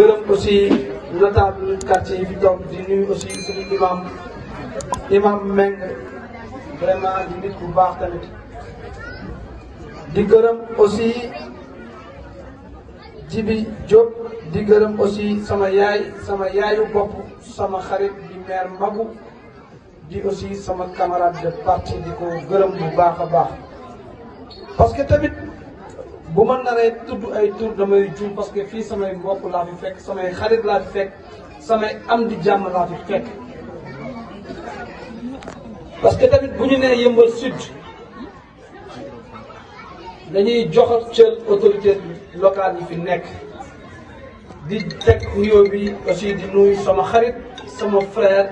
gërëm aussi notable quartier yi fi toog di nuyu aussi suñu imam imam Meng vraiment di nit bu baax tamit di gërëm aussi Jibi Diop di gërëm aussi sama yaayu bopp sama xarit di maire Magu di aussi sama camarade de parti di ko gërëm bu baax a baax parce que tamit bu ma naree tudd ay tur damay juum parce que fii samay mbokk laa fi fekk samay xarit laa fi fekk samay am di jàmm laa fi fekk parce que tamit bu ñu nee yëmbal sud dañuy jox cër autorité locale yi fi nekk di teg nuyoo bi aussi di nuyu sama xarit sama frère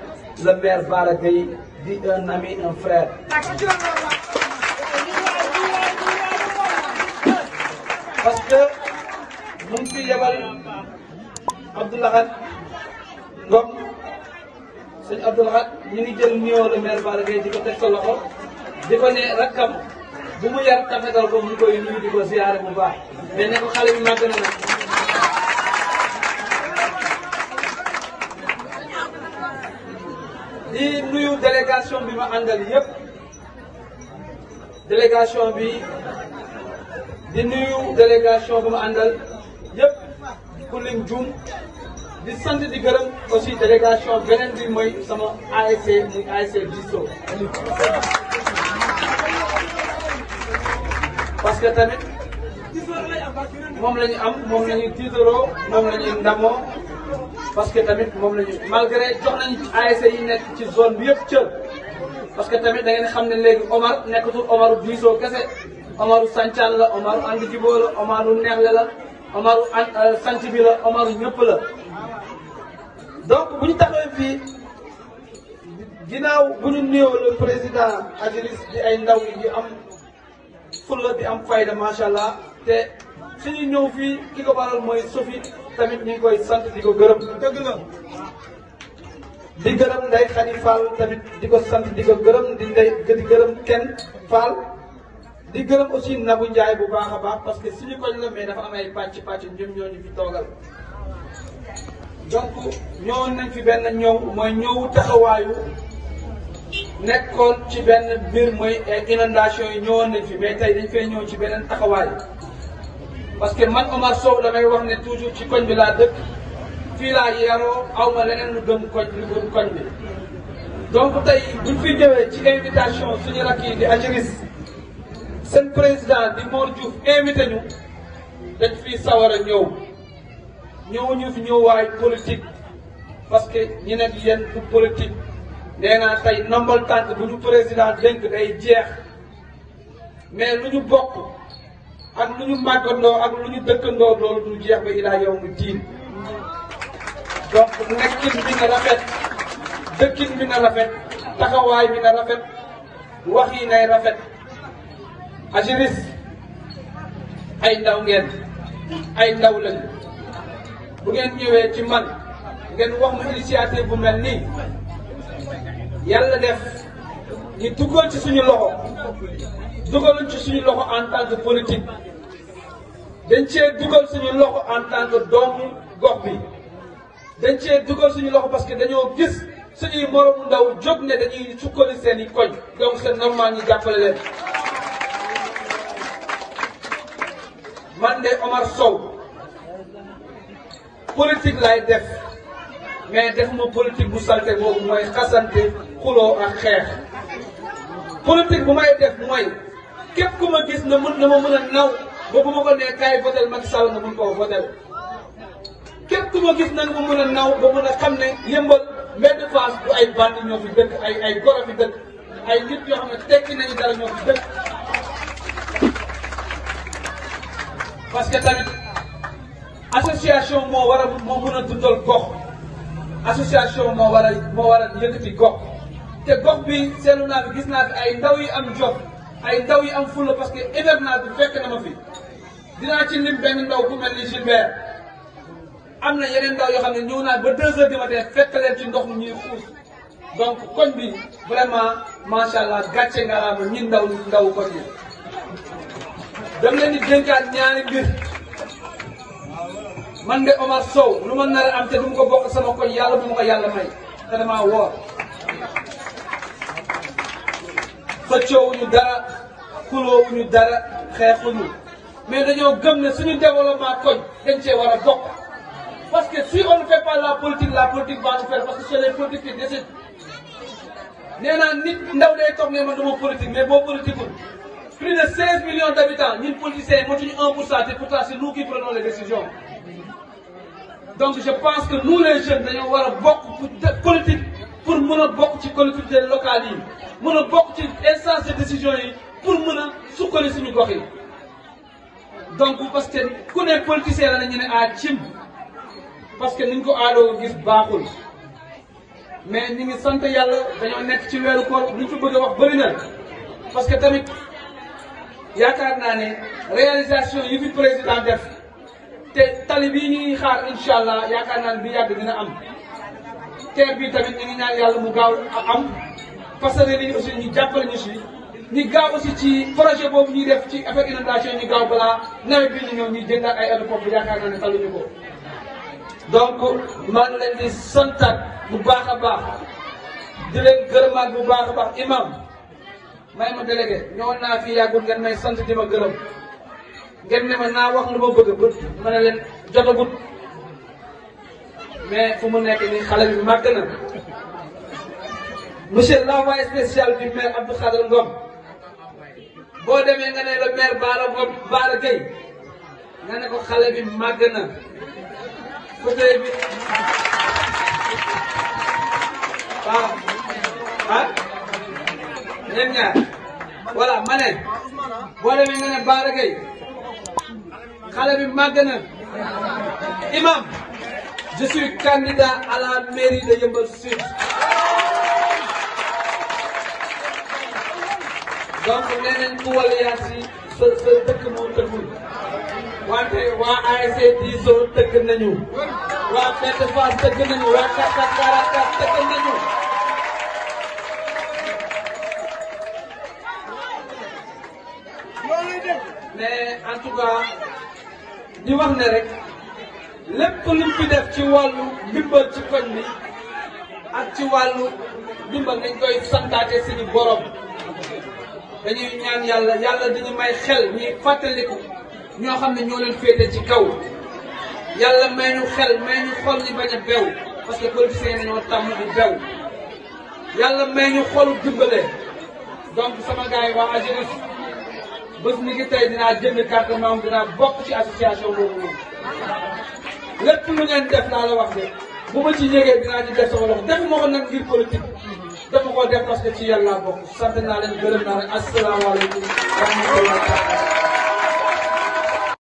le maire Bara Gueye di un ami un frère parce que mu ngi fi yebal Abdoulahat Ngom sëñ Abdoulahat ñu ngi jël nuyoo le maire Balla di ko teg sa loxo di ko ne rakkam bu mu yar tafetal ko mu koy nuyu di ko ziyaare bu baax mais ne ko xale bi màgg na nag di nuyu délégation bi ma àndal yëpp délégation bi di nuyu délégation bu ma àndal yëpp ku lim juum di sant di gërëm aussi délégation beneen bi mooy sama ASC muy ASC Disso parce que tamit moom la am moom la ñu tiitaroo moom la ñuy ndamoo parce que tamit moom la ñu malgré jox nañu ASC yi nekk ci zone bi yëpp cër parce que tamit da xam ne léegi Omar nekkatul Omaru Disso kese Omaru Santaan la Omaru ànd jiboo la Omaru neexle la Omaru an euh, sant bi la Omaru ñëpp la donc bu ñu taxawee fii ginnaaw bu ñu nuyoo le président Idriss di ay ndaw yi di am fulla di am fayda macha allah te suñu ñëw fii ki ko waral mooy Sophie tamit ñu ngi koy sant di ko gërëm dëgg la di gërëm Ndeye Khady Fall tamit di ko sant di ko gërëm di ndey di gërëm kenn Fall di gërëm aussi Nabou Ndiaye bu baax a baax parce que suñu koñ la mais dafa am ay pàcc pàcc ñoom ñoo ñu fi toogal donc ñëwoon nañ fi benn ñëw mooy ñëw taxawaayu nekkoon ci benn mbir mooy eh, inondation yi ñëwoon nañ fi mais tey dañ fay ñëw ci beneen taxawaayu parce que man Omar Sow damay wax ne toujours ci koñ bi laa dëkk fii laa yaroo aw ma leneen lu gëm koñ lu gëm koñ bi donc tey buñ fi ñëwee ci invitation suñu rakk yi di Agirus seen président di Mor Diouf invité ñu dañ fi sawar a ñëw ñu fi ñëwaay politique parce que ñi nekk yéen du politique nee naa tey nambal tànk bu ñu président dénk day jeex mais lu ñu bokk ak lu ñu màggandoo ak lu ñu dëkkandoo loolu du jeex ba ilaa yow mu donc nekkin bi na rafet dëkkin bi na rafet taxawaay bi na rafet wax nay rafet AGERIS ay ndaw ngeen ay ndaw lañ bu ngeen ñëwee ci man ngeen wax ma initiative bu mel nii yàlla def ñu duggal ci suñu loxo dugaluñ ci suñu loxo en tant que dañ cee dugal suñu loxo en tant que doomu gox bi dañ cee dugal suñu loxo parce que dañoo gis suñuy moromu ndaw jóg ne dañuy sukkali seen i koñ donc c'est normal ñu jàppale leen. man de Omar Sow politique lay def mais def ma politique bu salte boobu mooy xasante xuloo ak xeex politique bu may def mooy képp ku ma gis na mën na ma mën a naw ba bu ma ko nee kaay votel Macky Sall nga mën koo votel képp ku ma gis nag ma mën a naw ba mën a xam ne yëmbal mbedd Fass bu ay bandi ñoo fi dëkk ay ay goro fi dëkk ay nit yoo xam ne tekki nañu dara ñoo fi dëkk parce que tamit association moo war a moo mën a dundal gox association moo war a moo war a yëkkati gox te gox bi seetlu naa fi gis naa fi ay ndaw yi am jot ay ndaw yi am fulla parce que hivernage bi fekk na ma fi dinaa ci lim benn ndaw ku mel ni Gilbert am na yeneen ndaw yoo xam ne ñëw naa ba deux heures du matin fekk leen ci ndox mi ñuy xuus donc koñ bi vraiment macha allah gàcce ngaraama ñi ndaw ndaw koñ yi dam leen di dénkaat ñaari mbir man de Omar Sow lu ma nar a am te du ko bokk sama koñ yàlla bu ma ko yàlla may te damaa woor xëccoowuñu dara xuloowuñu dara xeexuñu mais dañoo gëm ne suñu développement koñ dañ cee war a bokk parce que si on ne fait pas la politique la politique va nous faire parce que c'est les politiques qui décident nit ndaw day toog ne man duma politique mais boo politiqueul plus de 16 millions d'habitants ni politiciens obtenu 1 et pourtant c'est nous qui prenons les décisions donc je pense que nous les jeunes nous avons beaucoup de politique pour nous beaucoup bokk ci collectivités locales yi mën avoir bokk ci de décision pour nous soutenir sukkali suñu gox donc parce que nous, les politiciens, la ne ah, parce que nous ko aadoo gis baaxul mais nous sommes sant yàlla dañoo nekk ci weeru nous luñ ci bëgg parce que tamit yaakaar naa ne réalisation yi fi président def te tali bii ñuy xaar incha allah yaakaar naa ne bi yàgg dina am te bi tamit ñu ngi ñaan yàlla mu gaaw a am parce que lii aussi ñu jàppale ñu si ñu gaaw aussi ci projet boobu ñuy def ci affaire inondation ñu gaaw balaa nawet bi ñu ñëw ñuy jëndaat ay alu pompe yaakaar naa ne taluñu ko donc maa ngi leen di santaat bu baax a baax di leen gërëmaat bu baax a baax imam may ma délégué ñëwoon naa fii yàggul ngeen may sant di ma gërëm ngeen ne ma naa wax lu ma bëgg ma ne leen jotagut mais fu mu nekk nii xale bi màgg na monsieur l'envoyé spécial boo demee nga ne le maire Bara Ngom Bara Gueye ko xale bi màgg na fauteuil bi waaw ah ñeen ñaar voilà ma ne boo nga ne Bara Gaye xale bi màgg na imam je candidat à la de Yeumbeul Sud donc nee nañ ku wàllu yaas yi sa sa dëkk moo tëggul wante waa ASC diisoo tëgg waa Pete Fass tëgg nañu waa Kaka Kara mais en tout cas wax ne rek lépp luñ fi def ci wàllu ndimbal ci koñ bi ak ci wàllu ndimbal nañ koy santaate suñu borom dañuy ñaan yàlla yàlla dañu may xel ñuy fàttaliku ñoo xam ne ñoo leen féete ci kaw yàlla may ñu xel may ñu xol ñu bañ a bew parce que politiciens yi ñoo tàmm di bew yàlla may ñu xolu dimbale donc sama gars yi waa bés mi ngi tey dinaa jënd carte membre dinaa bokk ci association boobu noonu lépp lu ngeen def laa la wax de bu ma ci yëgee dinaa ci def sama loxo def ma ko nag ngir politique dafa ko def parce ci yàlla bokk sant naa leen gërëm naa leen asalaamaaleykum wa rahmatulah